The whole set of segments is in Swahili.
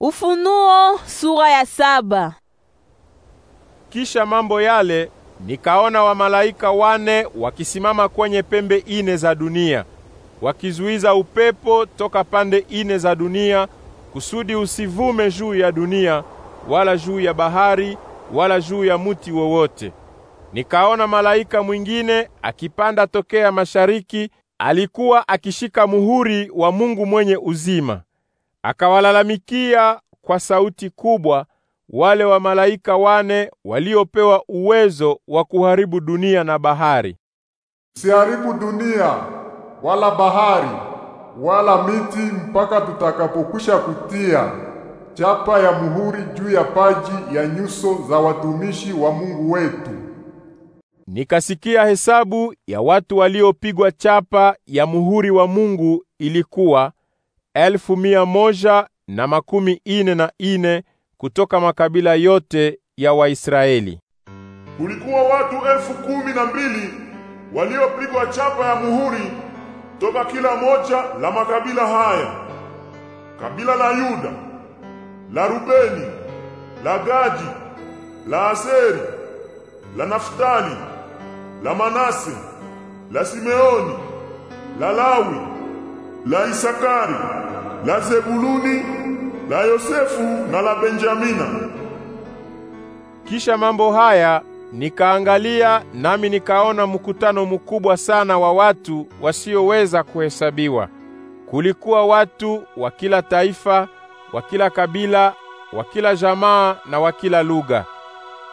Ufunuo sura ya saba. Kisha mambo yale nikaona wamalaika wane wakisimama kwenye pembe ine za dunia wakizuiza upepo toka pande ine za dunia kusudi usivume juu ya dunia wala juu ya bahari wala juu ya muti wowote. Nikaona malaika mwingine akipanda tokea mashariki, alikuwa akishika muhuri wa Mungu mwenye uzima akawalalamikia kwa sauti kubwa wale wa malaika wane waliopewa uwezo wa kuharibu dunia na bahari. Siharibu dunia wala bahari wala miti mpaka tutakapokwisha kutia chapa ya muhuri juu ya paji ya nyuso za watumishi wa Mungu wetu. Nikasikia hesabu ya watu waliopigwa chapa ya muhuri wa Mungu ilikuwa elfu mia moja na makumi ine na ine kutoka makabila yote ya Waisraeli. Kulikuwa watu elfu kumi na mbili waliopigwa chapa ya muhuri toka kila moja la makabila haya: kabila la Yuda, la Rubeni, la Gadi, la Aseri, la Naftali, la Manase, la Simeoni, la Lawi, la Isakari la Zebuluni, la Yosefu na la Benjamina. Kisha mambo haya nikaangalia, nami nikaona mkutano mkubwa sana wa watu wasioweza kuhesabiwa. Kulikuwa watu wa kila taifa, wa kila kabila, wa kila jamaa na wa kila lugha.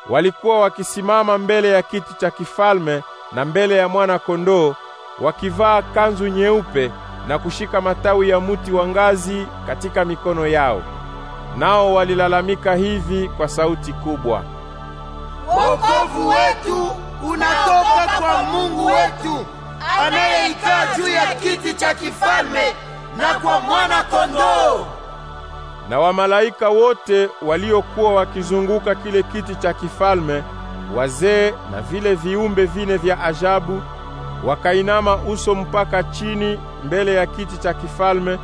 Walikuwa wakisimama mbele ya kiti cha kifalme na mbele ya mwana kondoo wakivaa kanzu nyeupe na kushika matawi ya muti wa ngazi katika mikono yao. Nao walilalamika hivi kwa sauti kubwa, wokovu wetu unatoka kwa Mungu wetu anayeikaa juu ya kiti cha kifalme na kwa mwana kondoo. Na wamalaika wote waliokuwa wakizunguka kile kiti cha kifalme, wazee na vile viumbe vine vya ajabu wakainama uso mpaka chini mbele ya kiti cha kifalme,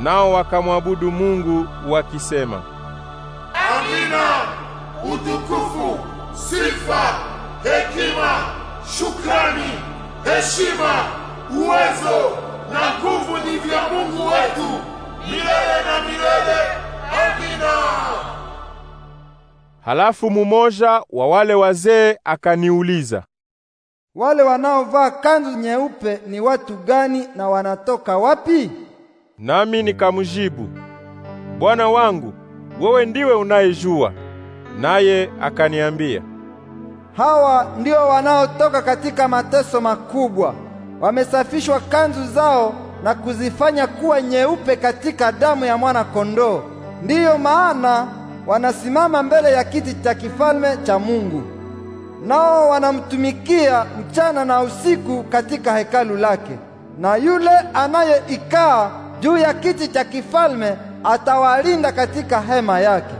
nao wakamwabudu Mungu wakisema, Amina, utukufu, sifa, hekima, shukrani, heshima, uwezo na nguvu ni vya Mungu wetu milele na milele. Amina. Halafu mumoja wa wale wazee akaniuliza wale wanaovaa kanzu nyeupe ni watu gani na wanatoka wapi? Nami nikamjibu, Bwana wangu, wewe ndiwe unayejua. Naye akaniambia, hawa ndio wanaotoka katika mateso makubwa. Wamesafishwa kanzu zao na kuzifanya kuwa nyeupe katika damu ya mwana kondoo. Ndiyo maana wanasimama mbele ya kiti cha kifalme cha Mungu nao wanamtumikia mchana na usiku katika hekalu lake, na yule anayeikaa juu ya kiti cha kifalme atawalinda katika hema yake.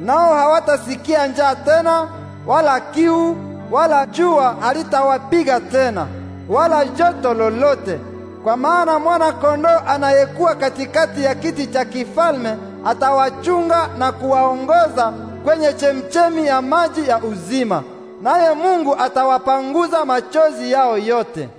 Nao hawatasikia njaa tena, wala kiu, wala jua halitawapiga tena, wala joto lolote, kwa maana mwana-kondoo anayekuwa katikati ya kiti cha kifalme atawachunga na kuwaongoza kwenye chemchemi ya maji ya uzima naye Mungu atawapanguza machozi yao yote.